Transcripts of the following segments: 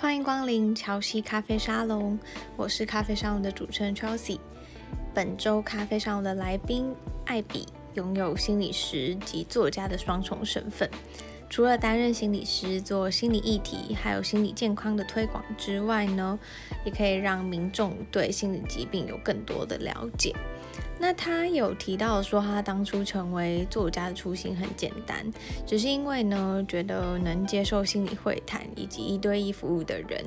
歡迎光臨 Chelsea 咖啡沙龍，我是咖啡沙龍的主持人 Chelsea。本週咖啡沙龍的來賓艾彼，擁有心理師及作家的雙重身份。除了擔任心理師做心理議題，還有心理健康的推廣之外呢，也可以讓民眾對心理疾病有更多的了解。那他有提到說，他當初成為作家的初心很簡單，只是因為呢，覺得能接受心理會談以及一對一服務的人，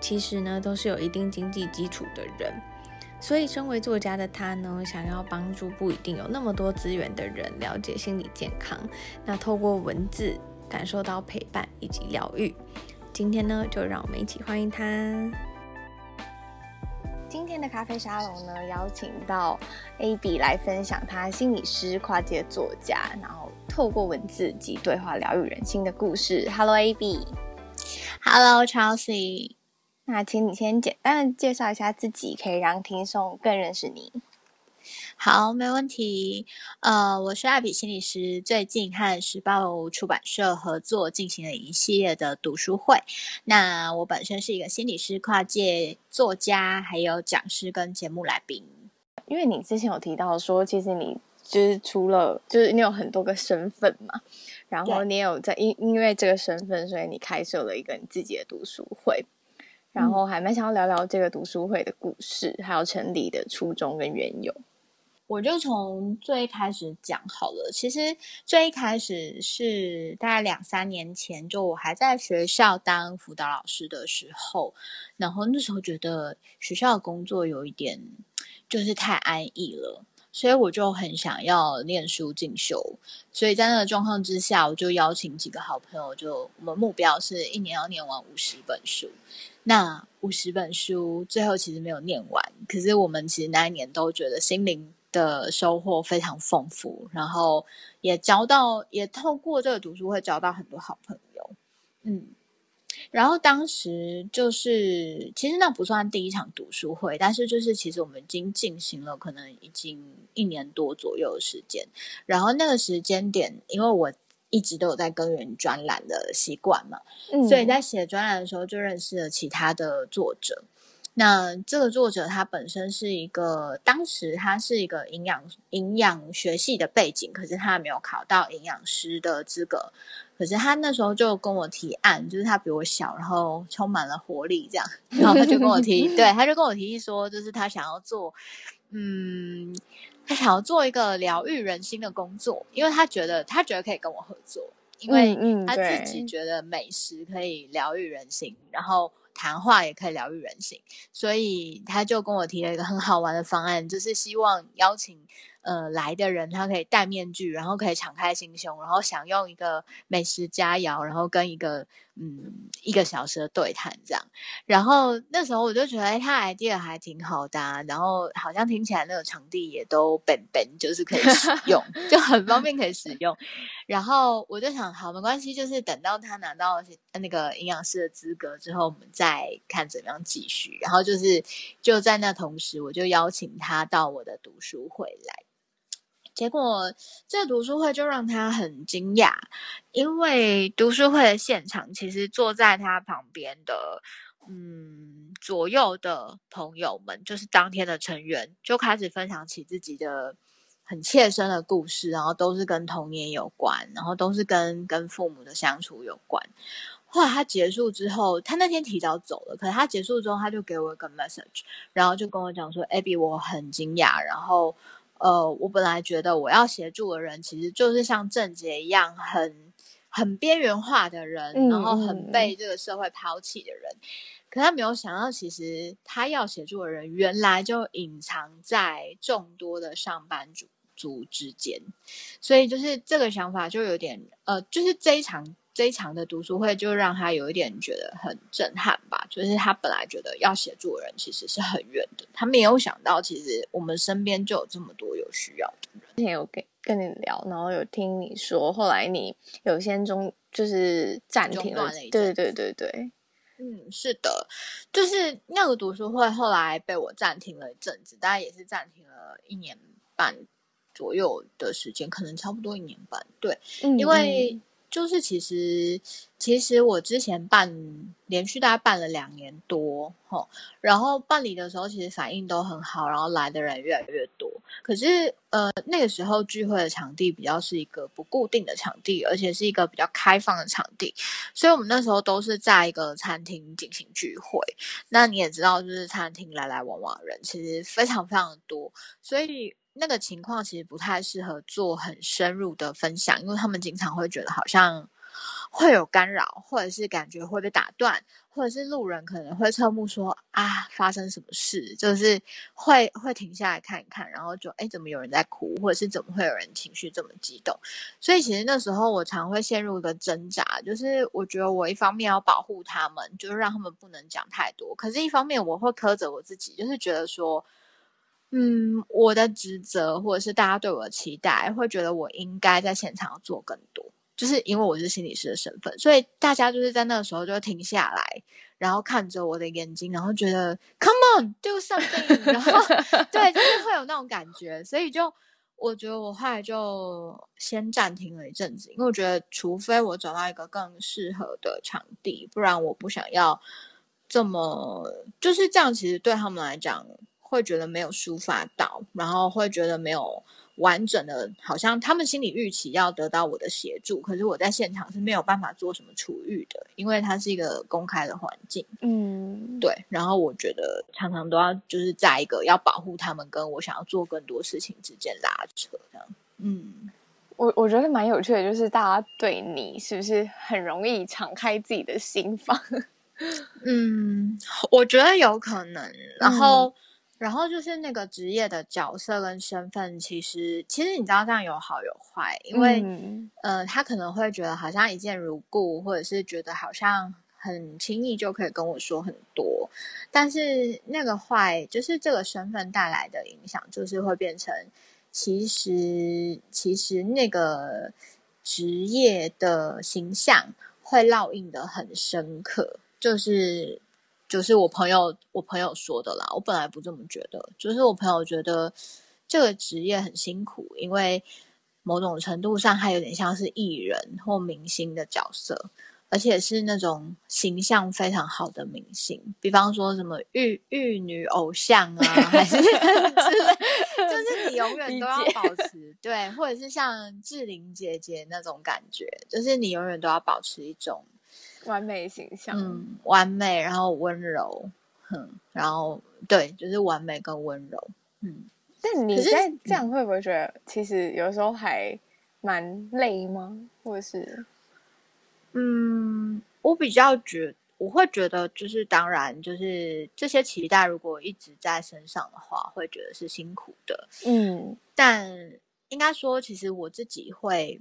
其實呢都是有一定經濟基礎的人。所以，身為作家的他呢，想要幫助不一定有那麼多資源的人了解心理健康，那透過文字感受到陪伴以及療癒。今天呢，就讓我們一起歡迎他。今天的咖啡沙龍呢，邀請到艾彼來分享他心理師、跨界作家，然後透過文字及對話療癒人心的故事。Hello，艾彼。Hello，Chelsea。那請你先簡單的介紹一下自己，可以讓聽眾更認識你。好，沒問題。呃，我是艾彼心理師，最近和時報出版社合作進行了一系列的讀書會。那我本身是一個心理師、跨界作家，還有講師跟節目來賓。因為你之前有提到說，其實你就是除了就是你有很多個身份嘛，然後你也有在 Yeah. 因因為這個身份，所以你開設了一個你自己的讀書會，然後還蠻想要聊聊這個讀書會的故事，mm. 還有成立的初衷跟緣由。我就從最開始講好了。其實最開始是大概兩三年前，就我還在學校當輔導老師的時候，然後那時候覺得學校工作有一點就是太安逸了，所以我就很想要念書進修。所以在那個狀況之下，我就邀請幾個好朋友就，就我們目標是一年要念完五十本書。那五十本書最後其實沒有念完，可是我們其實那一年都覺得心靈，的收穫非常豐富，然後也交到也透過這個讀書會交到很多好朋友，嗯，然後當時就是其實那不算第一場讀書會，但是就是其實我們已經進行了可能已經一年多左右的時間，然後那個時間點，因為我一直都有在耕耘專欄的習慣嘛，嗯，所以在寫專欄的時候就認識了其他的作者。那這個作者他本身是一個，當時他是一個營養營養學系的背景，可是他沒有考到營養師的資格，可是他那時候就跟我提案，就是他比我小，然後充滿了活力這樣，然後他就跟我提， 對，他就跟我提議說，就是他想要做，嗯，他想要做一個療癒人心的工作，因為他覺得他覺得可以跟我合作，因為他自己覺得美食可以療癒人心，嗯、然後。談話也可以療癒人心，所以他就跟我提了一個很好玩的方案，就是希望邀請。呃，來的人他可以戴面具，然後可以敞開心胸，然後享用一個美食佳肴，然後跟一個嗯一個小時的對談這樣。然後那時候我就覺得，哎，他 idea 還挺好的啊，然後好像聽起來那個場地也都本本就是可以使用， 就很方便可以使用。然後我就想，好沒關係，就是等到他拿到那個營養師的資格之後，我們再看怎麼樣繼續。然後就是就在那同時，我就邀請他到我的讀書會來。結果，這個讀書會就讓他很驚訝，因為讀書會的現場，其實坐在他旁邊的，嗯，左右的朋友們，就是當天的成員，就開始分享起自己的很切身的故事，然後都是跟童年有關，然後都是跟跟父母的相處有關。後來他結束之後，他那天提早走了，可是他結束之後，他就給我一個 message，然後就跟我講說，Abby，、欸、我很驚訝，然後。呃，我本來覺得我要協助的人其實就是像鄭捷一樣很很邊緣化的人，嗯、然後很被這個社會拋棄的人。可他沒有想到，其實他要協助的人原來就隱藏在眾多的上班族之間，所以就是這個想法就有點呃，就是這一場。這一場的讀書會就讓他有一點覺得很震撼吧，就是他本來覺得要寫作人其實是很遠的，他沒有想到其實我們身邊就有這麼多有需要的人。之前有跟跟你聊，然後有聽你說，後來你有先中就是暫停了那一陣，對，對對對對，嗯，是的，就是那個讀書會後來被我暫停了一陣子，大概也是暫停了一年半左右的時間，可能差不多一年半，對，嗯，因為。就是其實，其實我之前辦連續大概辦了兩年多，然後辦理的時候其實反應都很好，然後來的人越來越多。可是呃，那個時候聚會的場地比較是一個不固定的場地，而且是一個比較開放的場地，所以我們那時候都是在一個餐廳進行聚會。那你也知道，就是餐廳來來往往的人其實非常非常的多，所以。那個情況其實不太適合做很深入的分享，因為他們經常會覺得好像會有干擾，或者是感覺會被打斷，或者是路人可能會側目說啊，發生什麼事，就是會會停下來看一看，然後就誒怎麼有人在哭，或者是怎麼會有人情緒這麼激動？所以其實那時候我常會陷入一個掙扎，就是我覺得我一方面要保護他們，就是讓他們不能講太多，可是一方面我會苛責我自己，就是覺得說。嗯，我的職責或者是大家對我的期待，會覺得我應該在現場做更多，就是因為我是心理師的身份，所以大家就是在那個時候就停下來，然後看着我的眼睛，然後覺得 come on do something，然後對，就是會有那種感覺， 所以就我覺得我後來就先暫停了一陣子，因為我覺得除非我找到一個更適合的場地，不然我不想要這麼就是這樣，其實對他們來講。會覺得沒有抒發到，然後會覺得沒有完整的，好像他們心理預期要得到我的協助，可是我在現場是沒有辦法做什麼處理的，因為它是一個公開的環境。嗯，對。然後我覺得常常都要就是在一個要保護他們跟我想要做更多事情之間拉扯這樣。嗯，我我覺得蠻有趣的，就是大家對你是不是很容易敞開自己的心房？嗯，我覺得有可能。然後，嗯然後就是那個職業的角色跟身份，其實其實你知道這樣有好有壞，因為嗯、呃，他可能會覺得好像一見如故，或者是覺得好像很輕易就可以跟我說很多，但是那個壞就是這個身份帶來的影響，就是會變成其實其實那個職業的形象會烙印得很深刻，就是。就是我朋友，我朋友說的啦。我本來不這麼覺得，就是我朋友覺得這個職業很辛苦，因為某種程度上還有點像是藝人或明星的角色，而且是那種形象非常好的明星，比方說什麼玉玉女偶像啊， 還是、就是、就是你永遠都要保持白對，或者是像志玲姐姐那種感覺，就是你永遠都要保持一種。完美形象，嗯，完美，然後溫柔，嗯，然後對，就是完美跟溫柔，嗯。但你現在這樣會不會覺得，其實有時候還蠻累嗎？或者是，嗯，我比較覺我會覺得，就是當然，就是這些期待如果一直在身上的話，會覺得是辛苦的，嗯。但應該說，其實我自己會，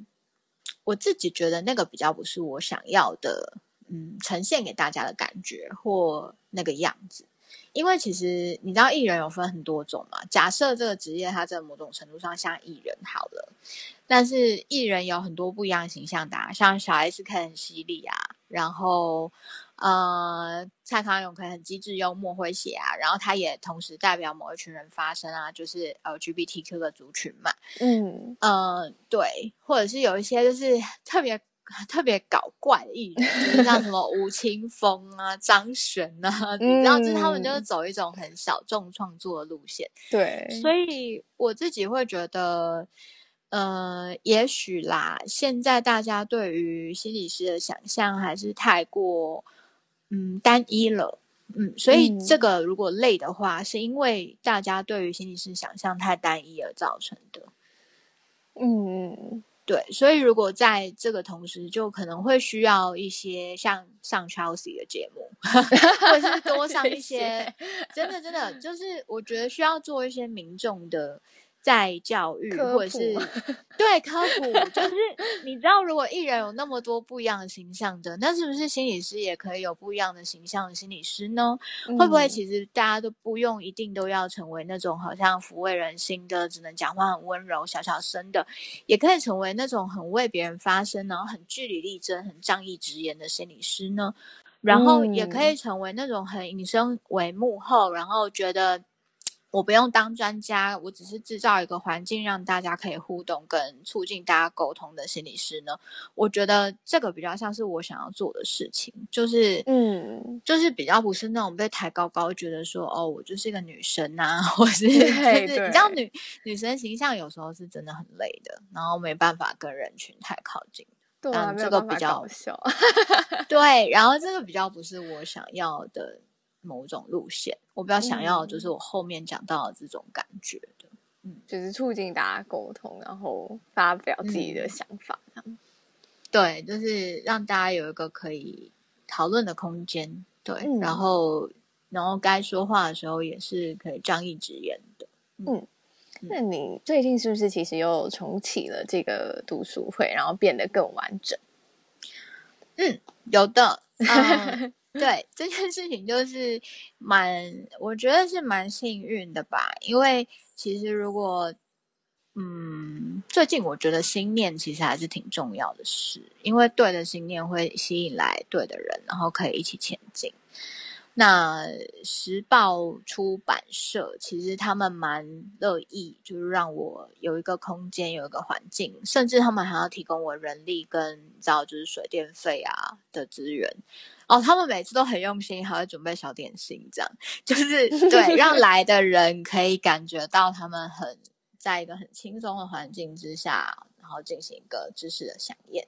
我自己覺得那個比較不是我想要的。嗯，呈現給大家的感覺或那個樣子，因為其實你知道藝人有分很多種嘛。假設這個職業它在某種程度上像藝人好了，但是藝人有很多不一樣的形象的啊，像小 S 可以很犀利啊，然後呃蔡康永可以很機智幽默詼諧啊，然後他也同時代表某一群人發聲啊，就是呃 LGBTQ 的族群嘛。嗯，呃對，或者是有一些就是特別。特別搞怪的藝人，就是、像什麼？吳青峰啊，張懸 啊，然後、嗯、就他們就是走一種很小眾創作的路線。對，所以我自己會覺得，呃，也許啦，現在大家對於心理師的想象還是太過，嗯，單一了。嗯，所以這個如果累的話，嗯、是因為大家對於心理師想象太單一而造成的。嗯。對，所以如果在這個同時，就可能會需要一些像上 Chelsea 的節目， 或者是多上一些， 謝謝。真的真的，就是我覺得需要做一些民眾的。在教育普或者是對科普， 就是你知道，如果藝人有那麼多不一樣的形象的，那是不是心理師也可以有不一樣的形象的心理師呢？嗯、會不會其實大家都不用一定都要成為那種好像撫慰人心的，只能講話很溫柔、小小聲的，也可以成為那種很為別人發聲，然後很據理力爭、很仗義執言的心理師呢？然後也可以成為那種很隱身為幕後，嗯、然後覺得。我不用當專家，我只是制造一個環境，讓大家可以互動跟促進大家溝通的心理師呢。我覺得這個比較像是我想要做的事情，就是嗯，就是比較不是那種被抬高高，覺得說哦，我就是一個女神啊，或是對，你知道女女生形象有時候是真的很累的，然後沒辦法跟人群太靠近，對、啊，這個比較好笑， 對，然後這個比較不是我想要的。某種路線，我比較想要的就是我後面講到的這種感覺的，嗯，對就是促進大家溝通，然後發表自己的想法，嗯，對，就是讓大家有一個可以討論的空間，對，嗯，然後然後該說話的時候也是可以仗義執言的，嗯，嗯。那你最近是不是其實又重啟了這個讀書會，然後變得更完整？嗯，有的。呃 對這件事情就是蠻，我覺得是蠻幸運的吧，因為其實如果，嗯，最近我覺得心念其實還是挺重要的事，因為對的心念會吸引來對的人，然後可以一起前進。那時報出版社其實他們蠻樂意，就是讓我有一個空間，有一個環境，甚至他們還要提供我人力跟，你知道，就是水電費啊的資源。哦,他們每次都很用心,還會準備小點心,這樣就是對讓來的人可以感覺到他們很 在一個很輕鬆的環境之下，然後進行一個知識的饗宴。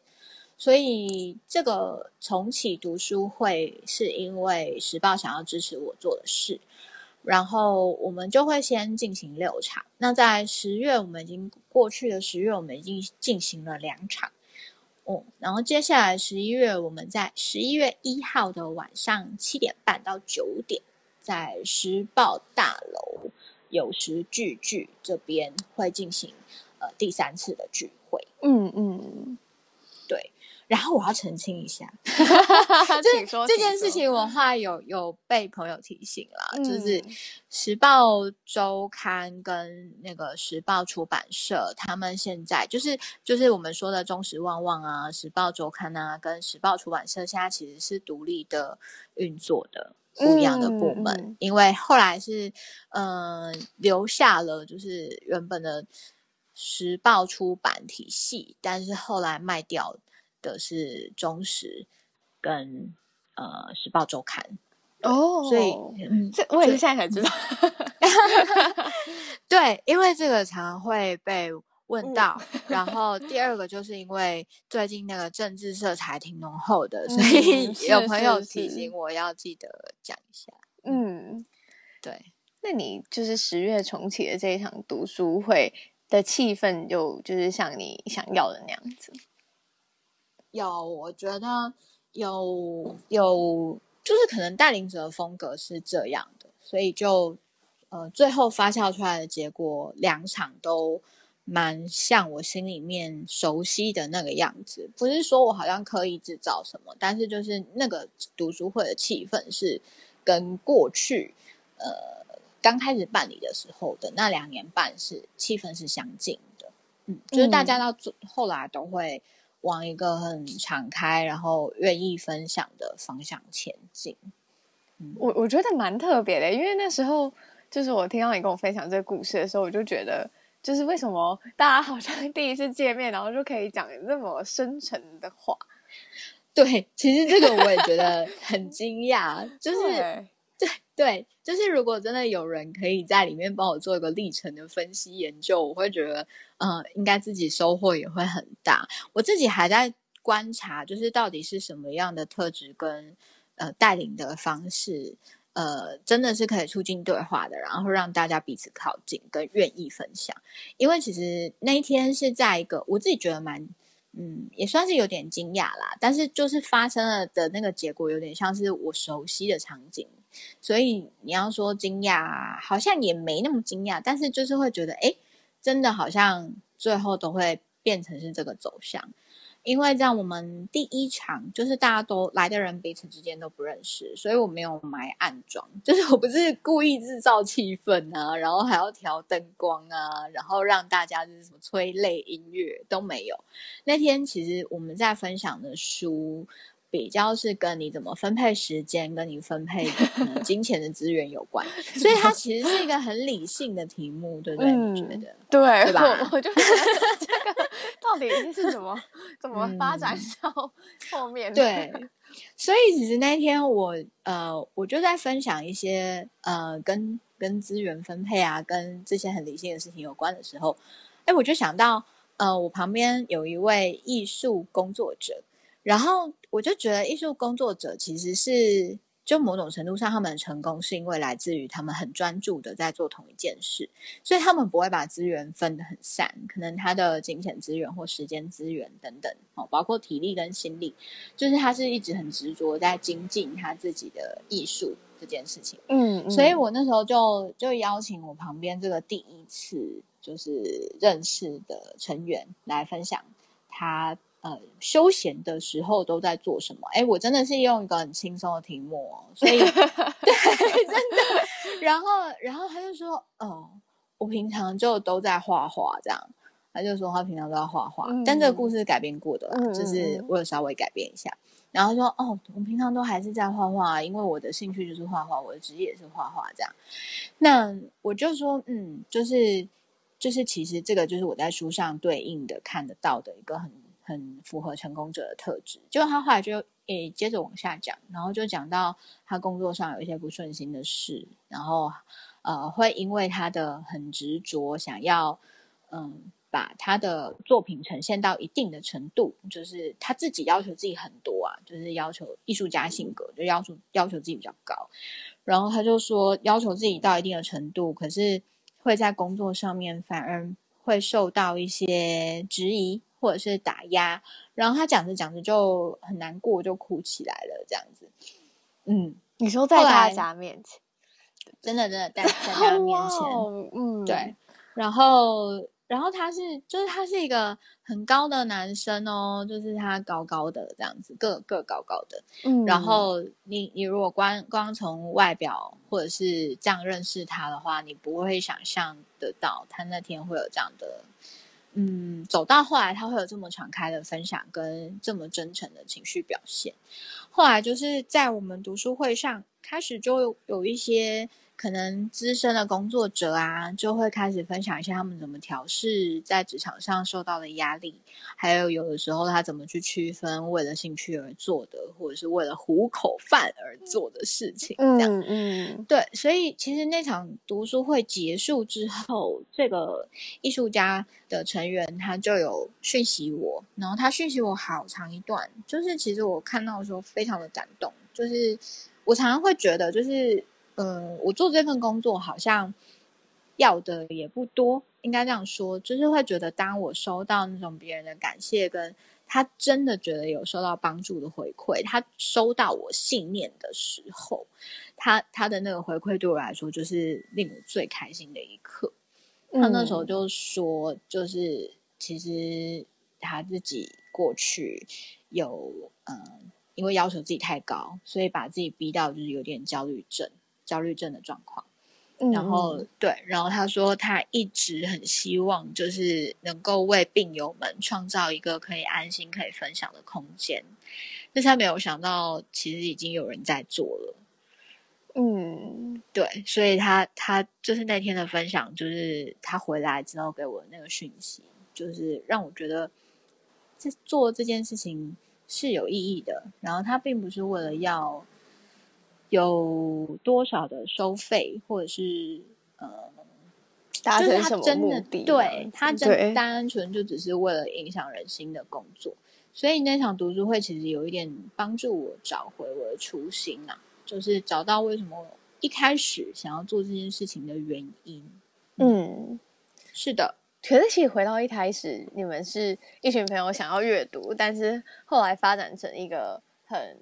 所以這個重啟讀書會是因為時報想要支持我做的事，然後我們就會先進行六場。那在十月，我們已經過去的十月，我們已經進行了兩場哦、嗯。然後接下來十一月，我們在十一月一號的晚上七點半到九點，在時報大樓有時聚聚這邊會進行呃第三次的聚會。嗯嗯。嗯然後我要澄清一下，這這件事情我話有有被朋友提醒了，嗯、就是《時報周刊》跟那個《時報出版社》，他們現在就是就是我們說的中時旺旺啊，《時報周刊》啊，跟《時報出版社》現在其實是獨立的運作的，嗯、不一樣的部門，嗯、因為後來是嗯、呃、留下了就是原本的《時報出版》體系，但是後來賣掉了。的是中時跟呃《時報週刊》哦，oh, 後所以，嗯、這我也是現在才知道對。 對，因為這個常常會被問到。嗯、然後第二個就是因為最近那個政治色彩挺濃厚的，嗯、所以是是是有朋友提醒我要記得講一下。嗯，對。那你就是十月重啟的這一場讀書會的氣氛，就就是像你想要的那樣子？有，我覺得有有，就是可能帶領者的風格是這樣的，所以就呃，最後發酵出來的結果，兩場都蠻像我心裡面熟悉的那個樣子。不是說我好像刻意製造什麼，但是就是那個讀書會的氣氛是跟過去呃剛開始辦理的時候的那兩年半是氣氛是相近的。嗯，就是大家到後來都會。嗯往一個很敞開，然後願意分享的方向前進。嗯。我我覺得蠻特別的，因為那時候就是我聽到你跟我分享這個故事的時候，我就覺得，就是為什麼大家好像第一次見面，然後就可以講那麼深沉的話？對，其實這個我也覺得很驚訝， 就是。對，就是如果真的有人可以在裡面幫我做一個歷程的分析研究，我會覺得，嗯、呃，應該自己收穫也會很大。我自己還在觀察，就是到底是什麼樣的特質跟呃帶領的方式，呃，真的是可以促進對話的，然後讓大家彼此靠近跟願意分享。因為其實那一天是在一個我自己覺得蠻。嗯，也算是有點驚訝啦，但是就是發生了的那個結果有點像是我熟悉的場景，所以你要說驚訝，好像也沒那麼驚訝，但是就是會覺得，哎，真的好像最後都會變成是這個走向。因為在我們第一場，就是大家都來的人彼此之間都不認識，所以我沒有埋暗樁，就是我不是故意製造氣氛啊，然後還要調燈光啊，然後讓大家就是什麼催淚音樂都沒有。那天其實我們在分享的書。比較是跟你怎麼分配時間，跟你分配、嗯、金錢的資源有關， 所以它其實是一個很理性的題目， 對不對？你覺得。對，對吧？我就覺得這個到底是怎麼怎麼發展到後面、嗯？對，所以其實那天我呃，我就在分享一些呃，跟跟資源分配啊，跟這些很理性的事情有關的時候，哎，我就想到呃，我旁邊有一位藝術工作者。然後我就覺得，藝術工作者其實是就某種程度上，他們的成功是因為來自於他們很專注的在做同一件事，所以他們不會把資源分得很散，可能他的精神資源或時間資源等等，哦，包括體力跟心力，就是他是一直很執着在精進他自己的藝術這件事情。嗯，所以我那時候就就邀請我旁邊這個第一次就是認識的成員來分享他，呃，休閒的時候都在做什麼？哎、欸，我真的是用一個很輕鬆的題目，哦，所以 對，真的。然後，然後他就說，哦，我平常就都在畫畫這樣。他就說，他平常都在畫畫。嗯，但這個故事是改編過的啦，嗯，就是我有稍微改變一下。然後說，哦，我平常都還是在畫畫，因為我的興趣就是畫畫，我的職業也是畫畫這樣。那我就說，嗯，就是就是，其實這個就是我在書上對應的看得到的一個很。很符合成功者的特質。就他後來就誒，接着往下講，然後就講到他工作上有一些不順心的事，然後呃，會因為他的很執着，想要嗯，把他的作品呈現到一定的程度，就是他自己要求自己很多啊，就是要求藝術家性格，就要求要求自己比較高。然後他就說，要求自己到一定的程度，可是會在工作上面反而會受到一些質疑。或者是打壓，然後他講着講着就很難過，就哭起來了，這樣子。嗯，你說在大家面前，真的真的在大家面前， 哦、嗯，對。然後，然後他是，就是他是一個很高的男生哦，就是他高高的這樣子，個個高高的。嗯，然後你你如果光光從外表或者是這樣認識他的話，你不會想象得到他那天會有這樣的。嗯，走到後來，他會有這麼敞開的分享，跟這麼真誠的情緒表現。後來就是在我們讀書會上，開始就有有一些。可能資深的工作者啊，就會開始分享一下他們怎麼調試在職場上受到的壓力，還有有的時候他怎麼去區分為了興趣而做的，或者是為了糊口飯而做的事情這樣，這嗯，嗯，對，所以其實那場讀書會結束之後，這個藝術家的成員他就有訊息我，然後他訊息我好長一段，就是其實我看到的時候非常的感動，就是我常常會覺得就是。嗯，我做這份工作好像要的也不多，應該這樣說，就是會覺得當我收到那種別人的感謝，跟他真的覺得有受到幫助的回饋，他收到我信念的時候，他他的那個回饋對我來說就是令我最開心的一刻。他那時候就說，就是其實他自己過去有，嗯，因為要求自己太高，所以把自己逼到就是有點焦慮症。焦慮症的狀況，然後、嗯、對，然後他說他一直很希望，就是能夠為病友們創造一個可以安心、可以分享的空間。但是他沒有想到，其實已經有人在做了。嗯，對，所以他他就是那天的分享，就是他回來之後給我的那個訊息，就是讓我覺得這做這件事情是有意義的。然後他並不是為了要。有多少的收費，或者是呃，達成什麼目的？對，他真單純，就只是為了影響人心的工作。所以那場讀書會其實有一點幫助我找回我的初心啊，就是找到為什麼一開始想要做這件事情的原因。嗯，嗯，是的，可是其實回到一開始，你們是一群朋友想要閱讀，但是後來發展成一個很。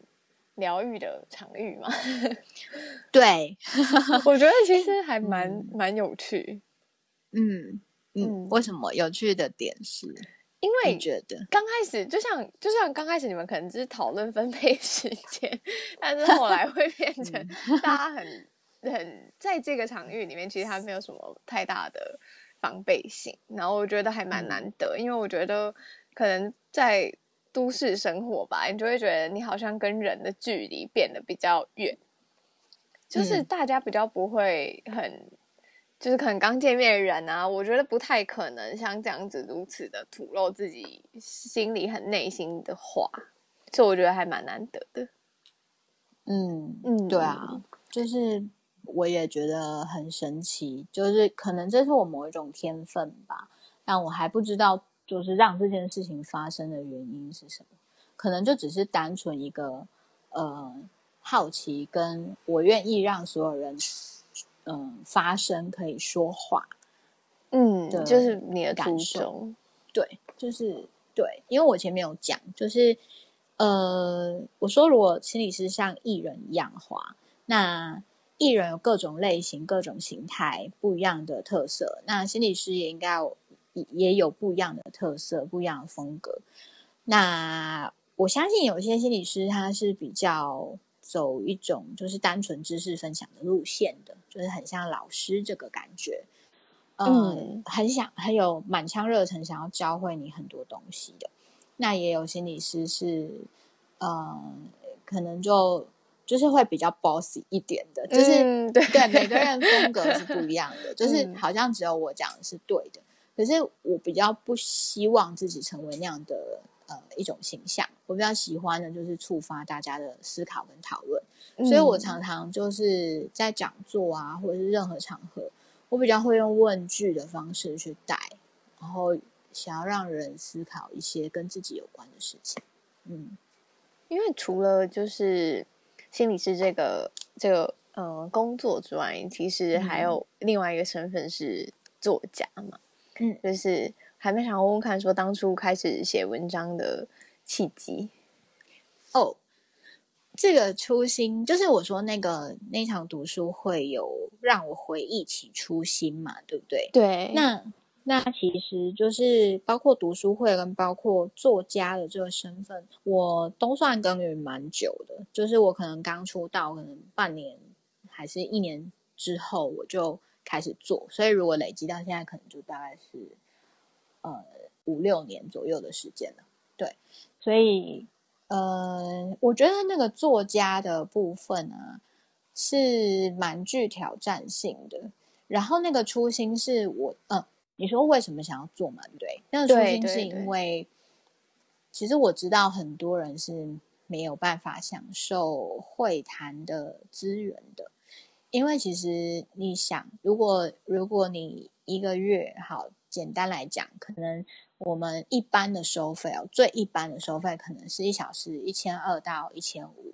療癒的場域嘛， 對， 我覺得其實還蠻蠻、嗯、有趣，嗯嗯，嗯為什麼有趣的點是？因為覺得剛開始就像就像剛開始你們可能只是討論分配時間，但是後來會變成大家很、 嗯、 很，很在這個場域裡面，其實他沒有什麼太大的防備性，然後我覺得還蠻難得，嗯、因為我覺得可能在。都市生活吧，你就會覺得你好像跟人的距離變得比較遠，就是大家比較不會很，嗯、就是可能剛見面的人啊，我覺得不太可能像這樣子如此的吐露自己心裡很內心的話，所以我覺得還蠻難得的。嗯嗯，對啊，就是我也覺得很神奇，就是可能這是我某一種天分吧，但我還不知道。就是讓這件事情發生的原因是什麼？可能就只是單純一個，呃，好奇，跟我願意讓所有人，嗯、呃，發聲，可以說話，嗯，對，就是你的感受，對，就是對，因為我前面有講，就是，呃，我說如果心理師像藝人一樣的話，那藝人有各種類型、各種形態、不一樣的特色，那心理師也應該有。也有不一樣的特色，不一樣的風格。那我相信有些心理師他是比較走一種就是單純知識分享的路線的，就是很像老師這個感覺。嗯，嗯，很想，很有滿腔熱忱，想要教會你很多東西的。那也有心理師是，呃、嗯，可能就就是會比較 bossy 一點的，就是、嗯、對，對每個人風格是不一樣的，嗯、就是好像只有我講的是對的。可是我比較不希望自己成為那樣的呃一種形象，我比較喜歡的就是觸發大家的思考跟討論，嗯、所以我常常就是在講座啊或者是任何場合，我比較會用問句的方式去帶，然後想要讓人思考一些跟自己有關的事情。嗯，因為除了就是心理師這個這個呃工作之外，其實還有另外一個身份是作家嘛。嗯，就是還沒想問問看，說當初開始寫文章的契機。嗯，哦，這個初心就是我說那個那場讀書會有讓我回憶起初心嘛，對不對？對。那那其實就是包括讀書會跟包括作家的這個身份，我都算耕耘蠻久的。就是我可能剛出道，可能半年還是一年之後，我就。開始做，所以如果累積到現在，可能就大概是呃五六年左右的時間了。對，所以呃，我覺得那個作家的部分啊，是蠻具挑戰性的。然後那個初心是我，嗯、呃，你說為什麼想要做嘛，對對？那個初心是因為，其實我知道很多人是沒有辦法享受會談的資源的。因為其實你想，如果如果你一個月好，簡單來講，可能我們一般的收費哦，最一般的收費可能是一小時一千二到一千五。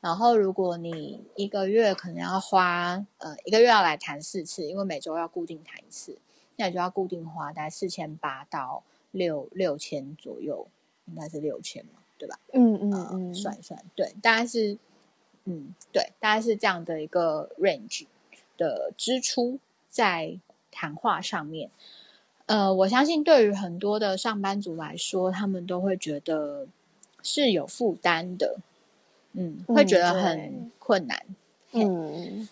然後如果你一個月可能要花，呃，一個月要來談四次，因為每週要固定談一次，那你就要固定花大概四千八到六六千左右，應該是六千嘛，對吧？嗯嗯嗯、呃，算一算，對，大概是。嗯，對，大概是這樣的一個 range 的支出在談話上面。呃，我相信對於很多的上班族來說，他們都會覺得是有負擔的，嗯，會覺得很困難。嗯，Hey. 嗯，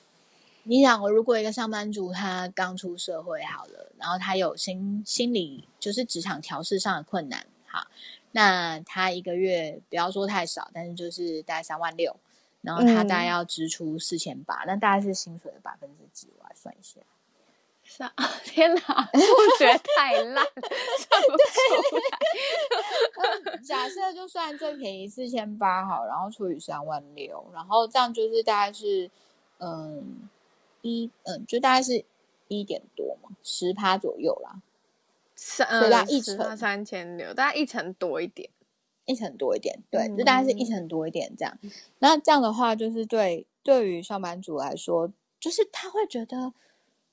你想，如果一個上班族他剛出社會好了，然後他有心心理就是職場調適上的困難，哈，那他一個月不要說太少，但是就是大概三萬六。然後他大概要支出四千八，那大概是薪水的百分之幾？我來算一下。算，天哪， 我覺得太爛了。算不出來。假設就算最便宜四千八好，然後除以三萬六，然後這樣就是大概是嗯一嗯，就大概是一點多嘛，十趴左右啦。三大概一成三千六，大概一成多一點。一成多一點，對，就大概是一成多一點這樣。嗯、那這樣的話，就是對對於上班族來說，就是他會覺得。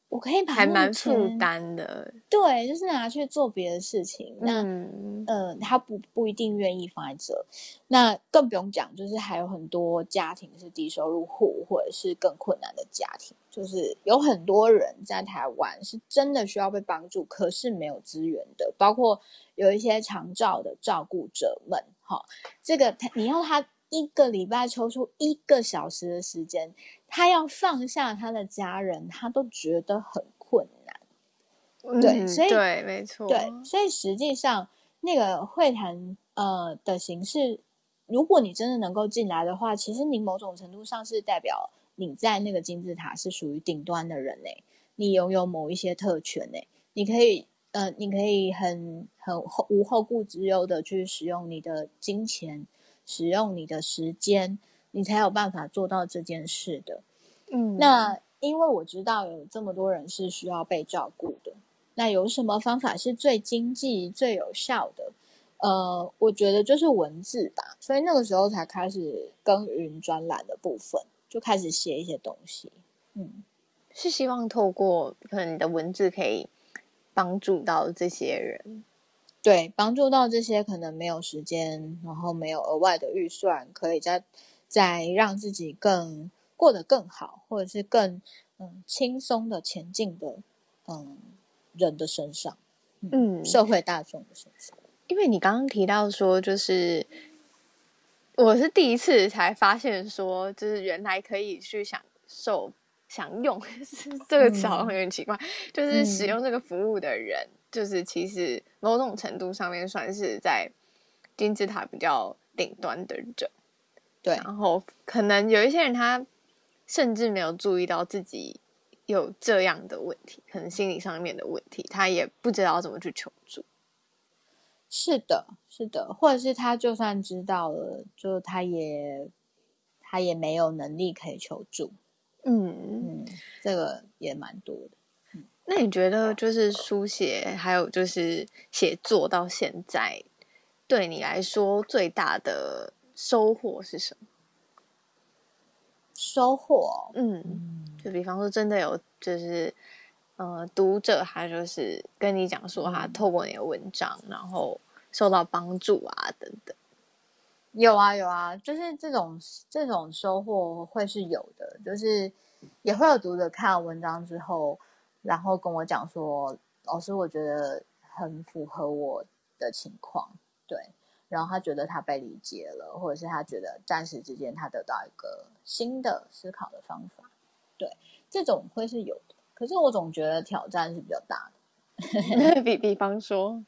我可以把還蠻負擔的，對，就是拿去做別的事情。嗯、那，嗯、呃，他不不一定願意放在這，那更不用講，就是還有很多家庭是低收入戶，或者是更困難的家庭，就是有很多人在台灣是真的需要被幫助，可是沒有資源的，包括有一些長照的照顧者們，哈，這個你要他一個禮拜抽出一個小時的時間。他要放下他的家人，他都覺得很困難。嗯、對，所以對，沒錯，對，所以實際上那個會談呃的形式，如果你真的能夠進來的話，其實你某種程度上是代表你在那個金字塔是屬於頂端的人呢、欸。你擁有某一些特權呢、欸，你可以呃，你可以很很無後顧之憂的去使用你的金錢，使用你的時間。你才有辦法做到這件事的，嗯，那因為我知道有這麼多人是需要被照顧的，那有什麼方法是最經濟、最有效的？呃，我覺得就是文字吧，所以那個時候才開始耕耘專欄的部分，就開始寫一些東西。嗯，是希望透過可能你的文字可以幫助到這些人，嗯、對，幫助到這些可能沒有時間，然後沒有額外的預算，可以在。在讓自己更過得更好，或者是更嗯輕鬆的前進的嗯人的身上，嗯，嗯社會大眾的身上。因為你剛剛提到說，就是我是第一次才發現說，就是原來可以去享受享用 這個詞好像有點奇怪，嗯、就是使用這個服務的人，嗯、就是其實某種程度上面算是在金字塔比較頂端的人。對，然後，可能有一些人他甚至沒有注意到自己有這樣的問題，可能心理上面的問題，他也不知道怎麼去求助。是的，是的，或者是他就算知道了，就他也他也沒有能力可以求助。嗯嗯，這個也蠻多的。那你覺得，就是書寫，還有就是寫作，到現在對你來說最大的？收穫是什麼？收穫，嗯，就比方說，真的有，就是，呃，讀者他就是跟你講說，他透過你的文章，然後受到幫助啊，等等。有啊，有啊，就是這種這種收穫會是有的，就是也會有讀者看到文章之後，然後跟我講說，老師，我覺得很符合我的情況，對。然後他覺得他被理解了，或者是他覺得暫時之間他得到一個新的思考的方法，對，這種會是有的。可是我總覺得挑戰是比較大的。 比比方說，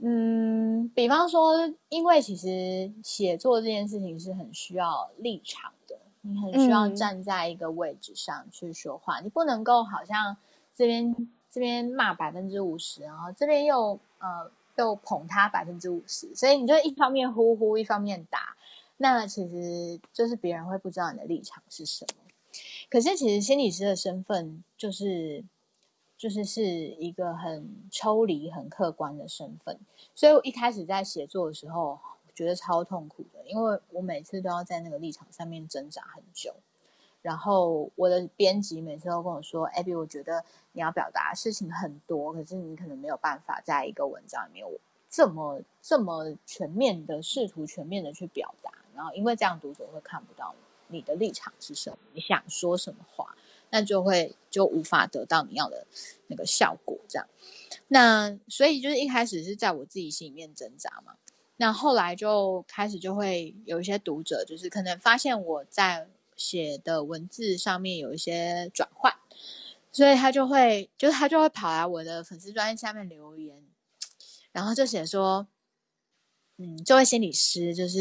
嗯，比方說，因為其實寫作這件事情是很需要立場的，你很需要站在一個位置上去說話，嗯、你不能夠好像這邊這邊罵百分之五十，然後這邊又呃。就捧他百分之五十，所以你就一方面呼呼，一方面打，那其實就是別人會不知道你的立場是什麼。可是其實心理師的身份就是，就是是一個很抽離、很客觀的身份，所以我一開始在寫作的時候，我覺得超痛苦的，因為我每次都要在那個立場上面掙扎很久。然後我的編輯每次都跟我說：“艾彼，我覺得你要表達的事情很多，可是你可能沒有辦法在一個文章裡面我這麼這麼全面的試圖全面的去表達。然後因為這樣讀者會看不到你的立場是什麼，你想說什麼話，那就會就無法得到你要的那個效果。這樣，那所以就是一開始是在我自己心裡面掙扎嘛。那後來就開始就會有一些讀者就是可能發現我在。”寫的文字上面有一些轉換，所以他就會，就是他就會跑來我的粉絲專頁下面留言，然後就寫說，嗯，這位心理師就是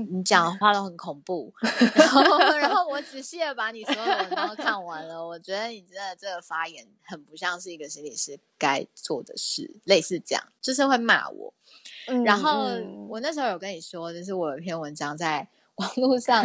你，你講的話都很恐怖， 然後，然後我仔細的把你說的然後看完了，我覺得你真的這個發言很不像是一個心理師該做的事，類似這樣，就是會罵我。嗯、然後、嗯、我那時候有跟你說，就是我有一篇文章在。網絡上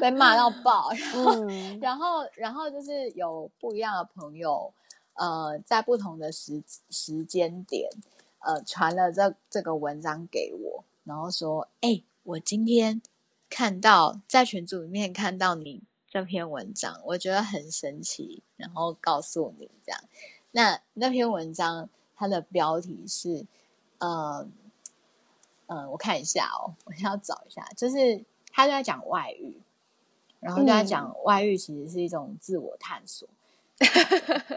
被罵到爆， 嗯、然後，然後，就是有不一樣的朋友，呃，在不同的時時間點，呃，傳了這這個文章給我，然後說，哎、欸，我今天看到在群組裡面看到你這篇文章，我覺得很神奇，然後告訴你這樣。那那篇文章它的標題是，呃，嗯、呃，我看一下哦，我先要找一下，就是。他就在講外遇，然後就在講外遇其實是一種自我探索。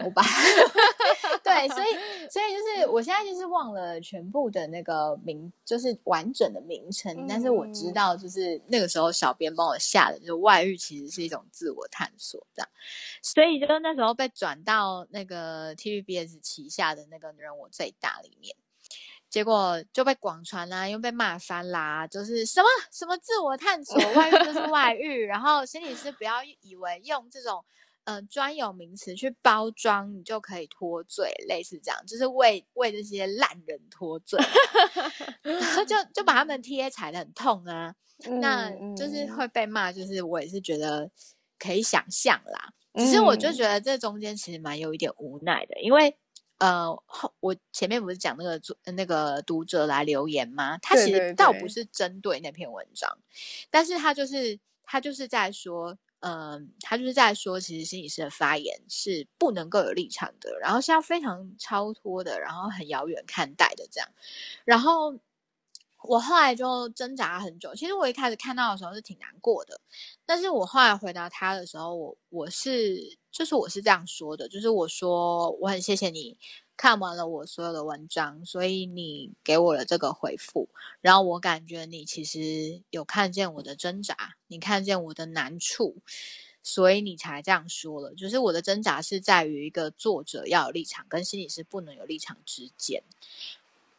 我把、嗯、 對，所以所以就是我現在就是忘了全部的那個名，就是完整的名稱，嗯、但是我知道就是那個時候小編幫我下的，就是、外遇其實是一種自我探索這樣，所以就是那時候被轉到那個 TVBS 旗下的那個《人我最大》裡面。結果就被廣傳啦、啊，又被罵翻啦、啊,就是什麼什麼自我探索，外遇就是外遇， 然後心理師不要以為用這種嗯、呃、專有名詞去包裝你就可以脫罪，類似這樣，就是為為這些爛人脫罪， 就就把他們貼踩得很痛啊，嗯、那就是會被罵，就是我也是覺得可以想象啦，其實、嗯、我就覺得這中間其實蠻有一點無奈的，因為。呃，我前面不是講那個那個讀者來留言嗎？他其實倒不是針對那篇文章，對對對。但是他就是他就是在說，嗯，他就是在說，呃、在說其實心理師的發言是不能夠有立場的，然後是要非常超脫的，然後很遙遠看待的這樣，然後。我後來就掙扎很久。其實我一開始看到的時候是挺難過的，但是我後來回答他的時候，我我是就是我是這樣說的，就是我說我很謝謝你看完了我所有的文章，所以你給我了這個回復。然後我感覺你其實有看見我的掙扎，你看見我的難處，所以你才這樣說了。就是我的掙扎是在於一個作者要有立場，跟心理師不能有立場之間。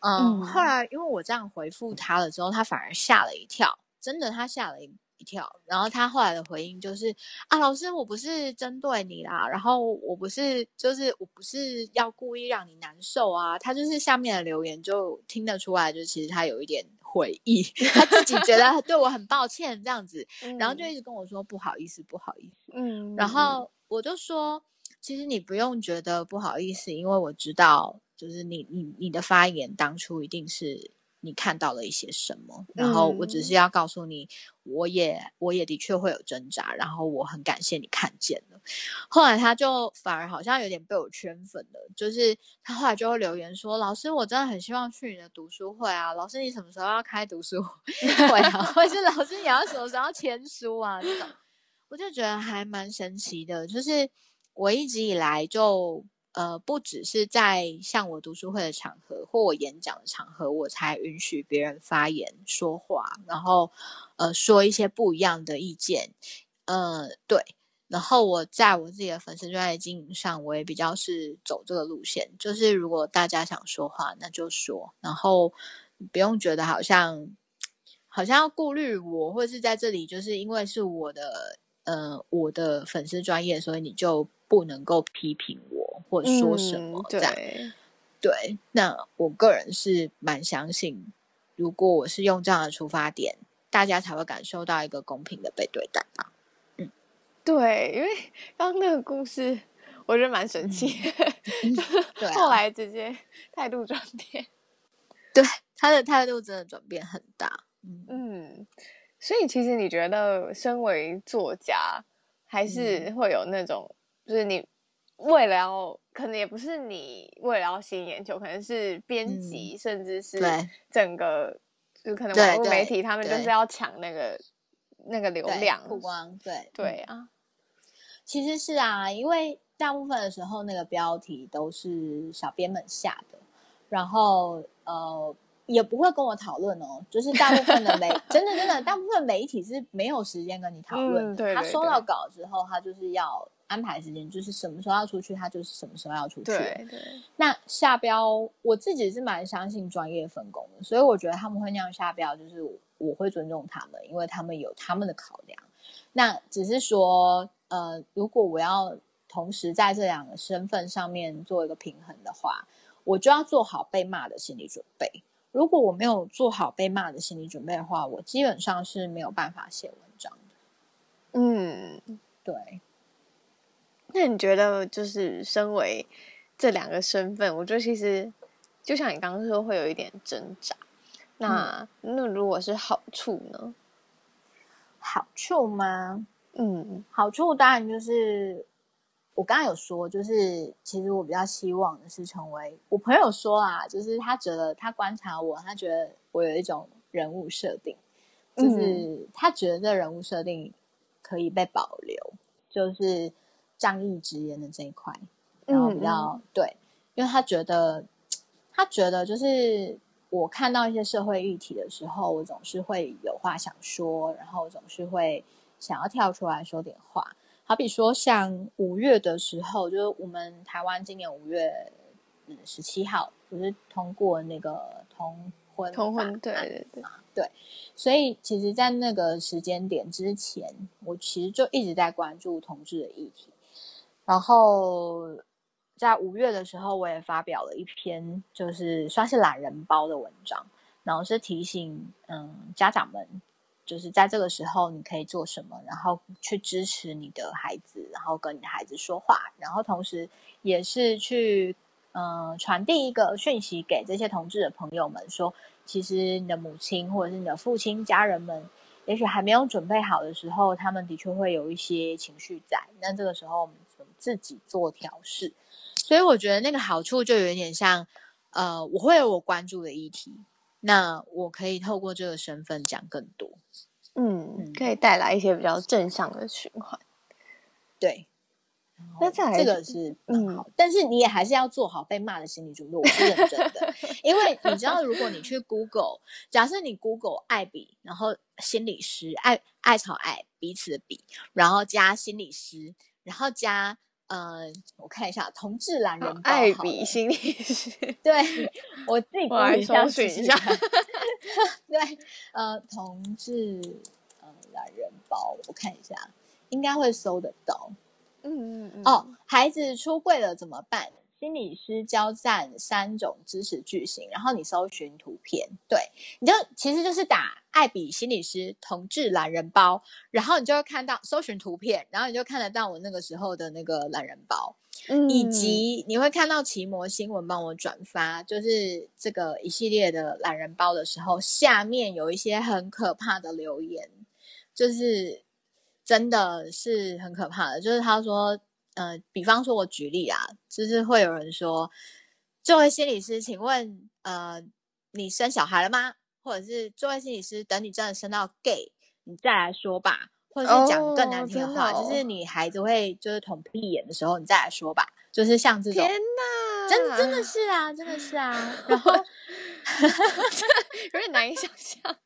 嗯，後來因為我這樣回復他了之後，他反而嚇了一跳。真的，他嚇了一一跳。然後他後來的回應就是：啊，老師，我不是針對你啦。然後我不是，就是我不是要故意讓你難受啊。他就是下面的留言就聽得出來，就其實他有一點悔意， 他自己覺得對我很抱歉這樣子。嗯，然後就一直跟我說不好意思，不好意思。嗯。然後我就說，嗯，其實你不用覺得不好意思，因為我知道。就是你，你你的發言當初一定是你看到了一些什麼，嗯、然後我只是要告訴你，我也我也的確會有掙扎，然後我很感謝你看見了。後來他就反而好像有點被我圈粉了，就是他後來就會留言說：“老師，我真的很希望去你的讀書會啊，老師你什麼時候要開讀書會啊？ 或者是老師你要什麼時候要簽書啊？這種，我就覺得還蠻神奇的，就是我一直以來就。”呃，不只是在像我讀書會的場合或我演講的場合，我才允許別人發言說話，然後呃說一些不一樣的意見。呃，對，然後我在我自己的粉絲專頁經營上，我也比較是走這個路線，就是如果大家想說話，那就說，然後不用覺得好像好像要顧慮我，或者是在這裡就是因為是我的呃我的粉絲專頁，所以你就不能夠批評我。或者說什麼在、嗯、對，對，那我個人是蠻相信，如果我是用這樣的出發點，大家才會感受到一個公平的被對待吧、啊。嗯、對，因為剛，剛那個故事我覺得蠻神奇的、嗯嗯，對、啊， 後來直接態度轉變，對他的態度真的轉變很大。嗯，嗯所以其實你覺得，身為作家，還是會有那種，就是你。為了要可能也不是你為了要吸引眼球，可能是編輯、嗯、甚至是整個對就可能網絡媒體他們就是要搶那個對那個流量曝光，對對啊、嗯，其實是啊，因為大部分的時候那個標題都是小編們下的，然後呃也不會跟我討論哦，就是大部分的媒 真的真的大部分媒體是沒有時間跟你討論、嗯、對,對,對。他收到稿之後他就是要。安排時間就是什麼時候要出去，他就是什麼時候要出去。對對。對，那下標，我自己是蠻相信專業分工的，所以我覺得他們會那樣下標，就是我，我會尊重他們，因為他們有他們的考量。那只是說，呃，如果我要同時在這兩個身份上面做一個平衡的話，我就要做好被罵的心理準備。如果我沒有做好被罵的心理準備的話，我基本上是沒有辦法寫文章的。嗯，對。那你覺得，就是身為這兩個身份，我覺得其實就像你剛剛說，會有一點掙扎。那、嗯、那如果是好處呢？好處嗎？嗯，好處當然就是我剛才有說，就是其實我比較希望的是成為我朋友說啊，就是他覺得他觀察我，他覺得我有一種人物設定，就是他覺得這人物設定可以被保留，就是。仗義直言的這一塊，然後比較、嗯、對，因為他覺得，他覺得就是我看到一些社會議題的時候，我總是會有話想說，然後總是會想要跳出來說點話。好比說像五月的時候，就是我們台灣今年五月，十七號不是通過那個同婚同婚，對對對對，所以其實，在那個時間點之前，我其實就一直在關注同志的議題。然後，在五月的時候，我也發表了一篇，就是算是懶人包的文章，然後是提醒，嗯，家長們，就是在這個時候你可以做什麼，然後去支持你的孩子，然後跟你的孩子說話，然後同時也是去，嗯，傳遞一個訊息給這些同志的朋友們，說，其實你的母親或者是你的父親家人們，也許還沒有準備好的時候，他們的確會有一些情緒在，那這個時候。自己做調試，所以我覺得那個好處就有點像，呃，我會有我關注的議題，那我可以透過這個身份講更多，嗯，嗯，可以帶來一些比較正向的循環，對。那再這個是，這是嗯，好、嗯，但是你也還是要做好被罵的心理準備，我是認真的， 因為你知道，如果你去 Google，假設你 Google 艾彼，然後心理師艾，艾草艾彼此的彼，然後加心理師。然後加，嗯、呃，我看一下《同志懶人包》愛、哦、比心理，對我自己幫你挑選一下，一下事情 對，呃，《同志呃、嗯、人》包，我看一下，應該會搜得到。嗯嗯嗯。嗯哦，嗯、孩子出櫃了怎麼辦？心理師交戰三種知識劇情，然後你搜尋圖片，對，你就其實就是打“艾彼心理師同志懶人包”，然後你就會看到搜尋圖片，然後你就看得到我那個時候的那個懶人包，嗯、以及你會看到奇摩新聞幫我轉發，就是這個一系列的懶人包的時候，下面有一些很可怕的留言，就是真的是很可怕的，就是他說。呃，比方說，我舉例啊，就是會有人說：“作為心理師，請問，呃，你生小孩了嗎？”或者是“作為心理師，等你真的生到 gay，你再來說吧。”或者是講更難聽的話，oh, 就是你孩子會就是捅屁眼的時候，你再來說吧。就是像這種，天哪，真的真的是啊，真的是啊， 然後有點難以想象， 真的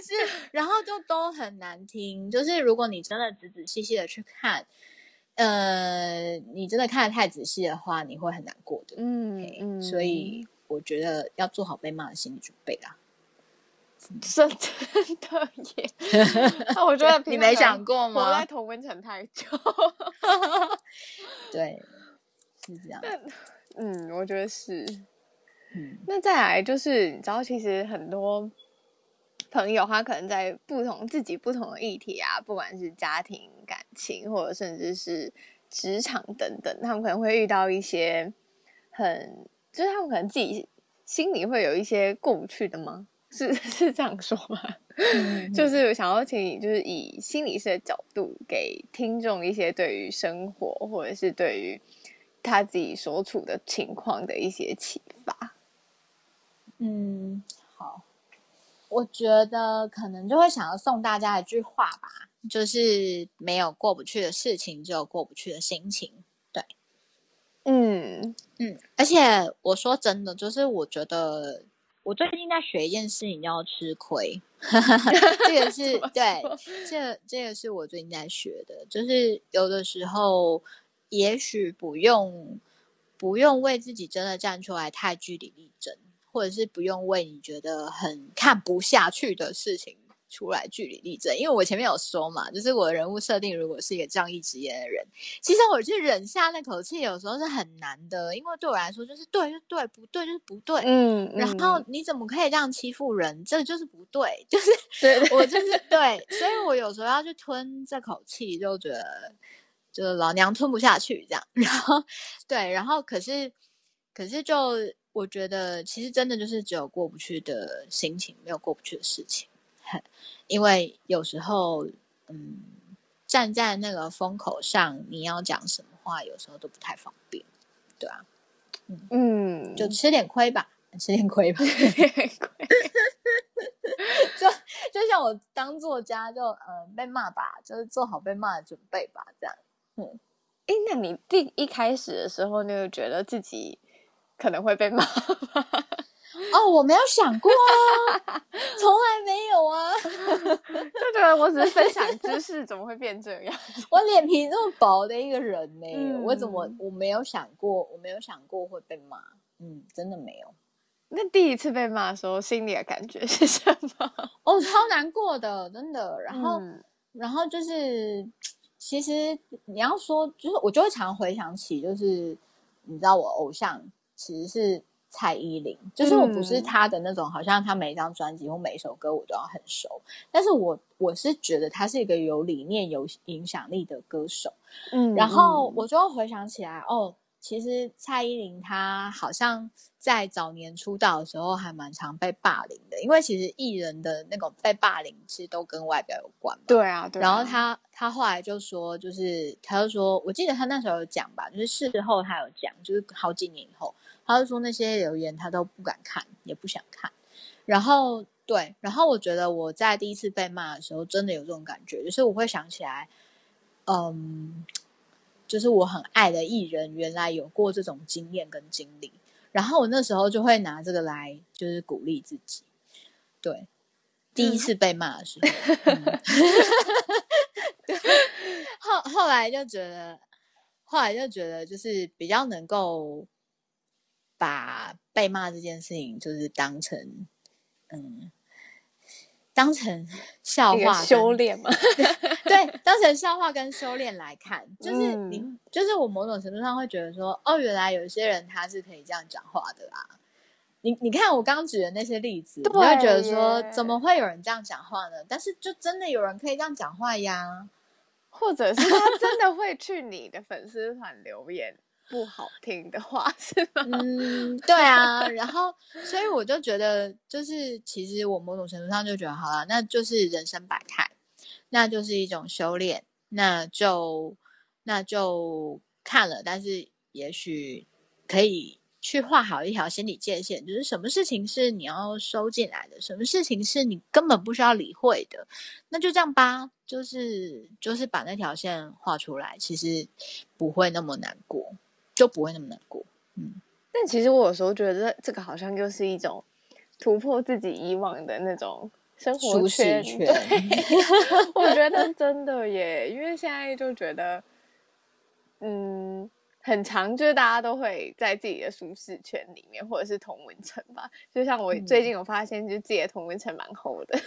是，然後就都很難聽。就是如果你真的仔仔細細的去看。呃，你真的看得太仔細的話，你會很難過的。嗯，Okay? 嗯，所以我覺得要做好被罵的心理準備啦。真的耶！那我覺得你沒想過嗎？我在同溫層太久。 對，是這樣。嗯，我覺得是。嗯，那再來就是，你知道，其實很多。朋友，他可能在不同自己不同的議題啊，不管是家庭、感情，或者甚至是職場等等，他們可能會遇到一些很，就是他們可能自己心裡會有一些過不去的嗎？是是這樣說嗎？嗯嗯，就是想要請你，就是以心理師的角度給聽眾一些對於生活，或者是對於他自己所處的情況的一些啟發。嗯，好。我覺得可能就會想要送大家一句話吧，就是沒有過不去的事情，只有過不去的心情。對，嗯嗯。而且我說真的，就是我覺得我最近在學一件事情，要吃虧。 這個是，對，這個、這個是我最近在學的，就是有的時候也許不用不用為自己真的站出來，太據理力爭。或者是不用為你覺得很看不下去的事情出來據理力爭，因為我前面有說嘛，就是我的人物設定如果是一個仗義執言的人，其實我去忍下那口氣，有時候是很難的，因為對我來說就是對就對，不對就是不對，嗯，嗯然後你怎麼可以這樣欺負人，這個就是不對，就是對對對我就是對， 所以我有時候要去吞這口氣，就覺得就是老娘吞不下去這樣，然後對，然後可是可是就。我覺得其實真的就是只有過不去的心情，沒有過不去的事情，因為有時候，嗯，站在那個風口上，你要講什麼話，有時候都不太方便，對啊，嗯，嗯就吃點虧吧，吃點虧吧， 就就像我當作家，就、呃、被罵吧，就是做好被罵的準備吧，這樣。嗯，哎，那你第一開始的時候，你就覺得自己？可能會被罵哦，我沒有想過啊， 從來沒有啊。這個 我只是分享知識， 怎麼會變這樣？我臉皮這麼薄的一個人呢，欸，嗯，我怎麼我沒有想過，我沒有想過會被罵？嗯，真的沒有。那第一次被罵的時候，心裡的感覺是什麼？哦，超難過的，真的。然後，嗯，然後就是，其實你要說，就是我就會常回想起，就是你知道我偶像。其實是蔡依林，就是我不是她的那種，嗯、好像她每一張專輯或每一首歌我都要很熟，但是我我是覺得她是一個有理念、有影響力的歌手。嗯，然後我就回想起來，嗯、哦，其實蔡依林她好像在早年出道的時候還蠻常被霸凌的，因為其實藝人的那種被霸凌其實都跟外表有關嘛，對啊。對啊，然後她她後來就說，就是她就說，我記得她那時候有講吧，就是事後她有講，就是好幾年以後。他就說那些留言他都不敢看，也不想看。然後對，然後我覺得我在第一次被罵的時候，真的有這種感覺，就是我會想起來，嗯，就是我很愛的藝人原來有過這種經驗跟經歷。然後我那時候就會拿這個來，就是鼓勵自己。對，第一次被罵的時候，嗯嗯、 後後來就覺得，後來就覺得就是比較能夠。把被罵這件事情，就是當成嗯，當成笑話修煉嘛？ 對，當成笑話跟修煉來看，就是、嗯、你，就是我某種程度上會覺得說，哦，原來有些人他是可以這樣講話的啦、啊。你你看我剛舉的那些例子，我對會覺得說，怎麼會有人這樣講話呢？但是就真的有人可以這樣講話呀，或者是他真的會去你的粉絲團留言。 不好聽的話是嗎？嗯，對啊。然後，所以我就覺得，就是其實我某種程度上就覺得，好啦，那就是人生百態，那就是一種修煉，那就那就看了。但是，也許可以去畫好一條心理界限，就是什麼事情是你要收進來的，什麼事情是你根本不需要理會的，那就這樣吧。就是就是把那條線畫出來，其實不會那麼難過。就不會那麼難過，嗯。但其實我有時候覺得，這個好像就是一種突破自己以往的那種生活舒適圈。我覺得真的耶， 因為現在就覺得，嗯，很常，就是大家都會在自己的舒適圈裡面，或者是同溫層吧。就像我最近有發現，就自己的同溫層蠻厚的。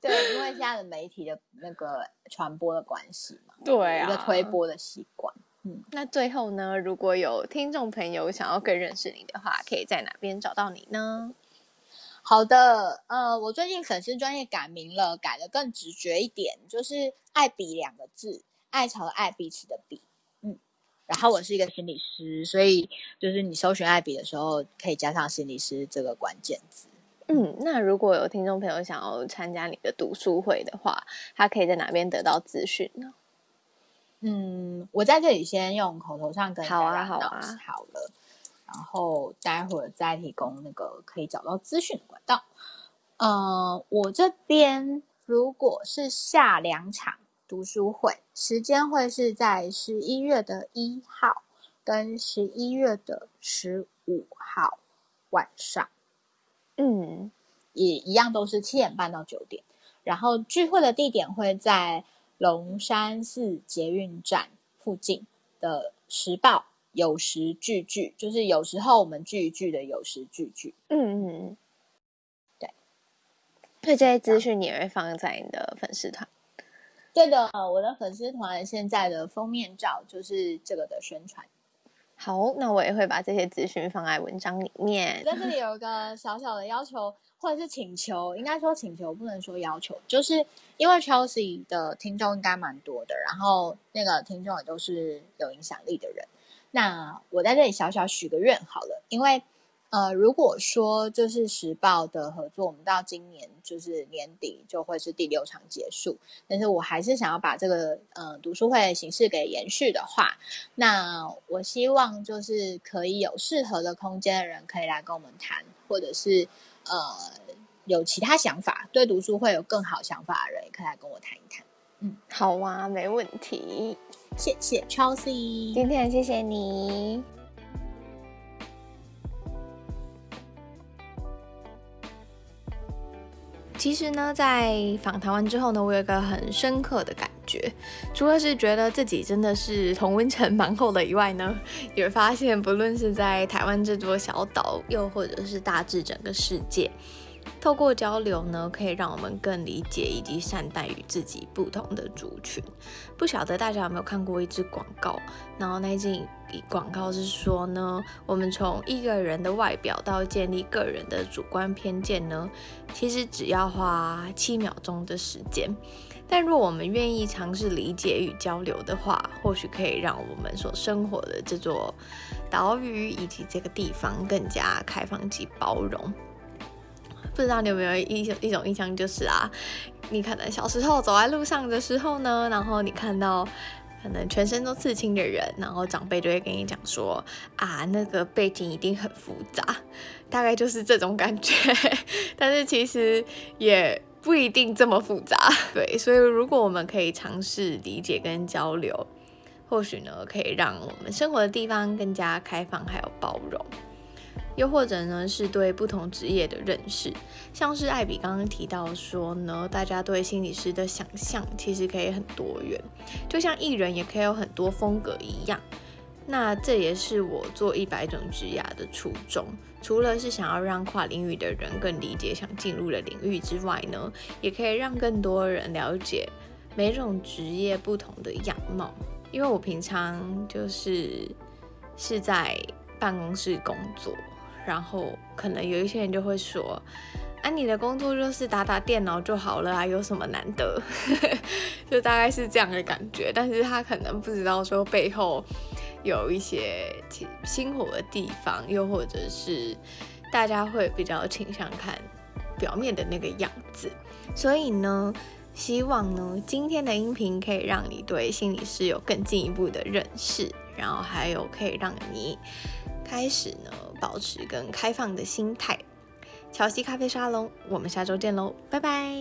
對，因為現在的媒體的那個傳播的關係嘛，對啊，一個推播的習慣。嗯、那最後呢，如果有聽眾朋友想要更認識你的話，可以在哪邊找到你呢？好的，呃，我最近粉絲專頁改名了，改得更直覺一點，就是“艾彼”兩個字，艾草和愛彼此的“彼”。嗯，然後我是一個心理師，所以就是你搜尋“艾彼”的時候，可以加上“心理師”這個關鍵字。嗯，嗯，那如果有聽眾朋友想要參加你的讀書會的話，他可以在哪邊得到資訊呢？嗯，我在這裡先用口頭上跟大家表示好了，好啊好啊，然後待會兒再提供那個可以找到資訊的管道。呃，我這邊如果是下兩場讀書會，時間會是在十一月的一號跟十一月的十五號晚上，嗯，也一樣都是七點半到九點，然後聚會的地點會在，龍山寺捷運站附近的時報有時聚聚，就是有時候我們聚一聚的有時聚聚、嗯，嗯嗯，對。所以這些資訊你也會放在你的粉絲團？對的，我的粉絲團現在的封面照就是這個的宣傳。好，那我也會把這些資訊放在文章裡面。在這裡有一個小小的要求。或者是請求，應該說請求，不能說要求，就是因為 Chelsea 的聽眾應該蠻多的，然後那個聽眾也都是有影響力的人。那我在這裡小小許個願好了，因為呃，如果說就是時報的合作，我們到今年就是年底就會是第六場結束，但是我還是想要把這個呃讀書會的形式給延續的話，那我希望就是可以有適合的空間的人可以來跟我們談，或者是。呃，有其他想法，對讀書會有更好想法的人，也可以來跟我談一談。嗯，好啊，沒問題，謝謝，Chelsea，今天謝謝你。其實呢，在訪談完之後呢，我有一個很深刻的感覺。除了是覺得自己真的是同溫層蠻厚的以外呢，也發現不論是在台灣這座小島，又或者是大致整個世界，透過交流呢，可以讓我們更理解以及善待與自己不同的族群。不曉得大家有沒有看過一支廣告？然後那一支廣告是說呢，我們從一個人的外表到建立個人的主觀偏見呢，其實只要花七秒鐘的時間。但如果我們願意嘗試理解與交流的話，或許可以讓我們所生活的這座島嶼以及這個地方更加開放及包容。不知道你有沒有一一種印象，就是啊，你可能小時候走在路上的時候呢，然後你看到可能全身都刺青的人，然後長輩就會跟你講說啊，那個背景一定很複雜，大概就是這種感覺。但是其實也。不一定這麼複雜，對，所以如果我們可以嘗試理解跟交流，或許呢可以讓我們生活的地方更加開放還有包容，又或者呢是對不同職業的認識，像是艾彼剛剛提到說呢，大家對心理師的想象其實可以很多元，就像藝人也可以有很多風格一樣。那這也是我做一百種職業的初衷，除了是想要讓跨領域的人更理解想進入的領域之外呢，也可以讓更多人了解每種職業不同的樣貌。因為我平常就是是在辦公室工作，然後可能有一些人就會說：“啊，你的工作就是打打電腦就好了啊，有什麼難得？” 就大概是這樣的感覺，但是他可能不知道說背後。有一些辛苦的地方，又或者是大家會比較傾向看表面的那個樣子，所以呢，希望呢今天的音頻可以讓你對心理師有更進一步的認識，然後還有可以讓你開始呢保持更開放的心態。喬西咖啡沙龍，我們下週見嘍，拜拜。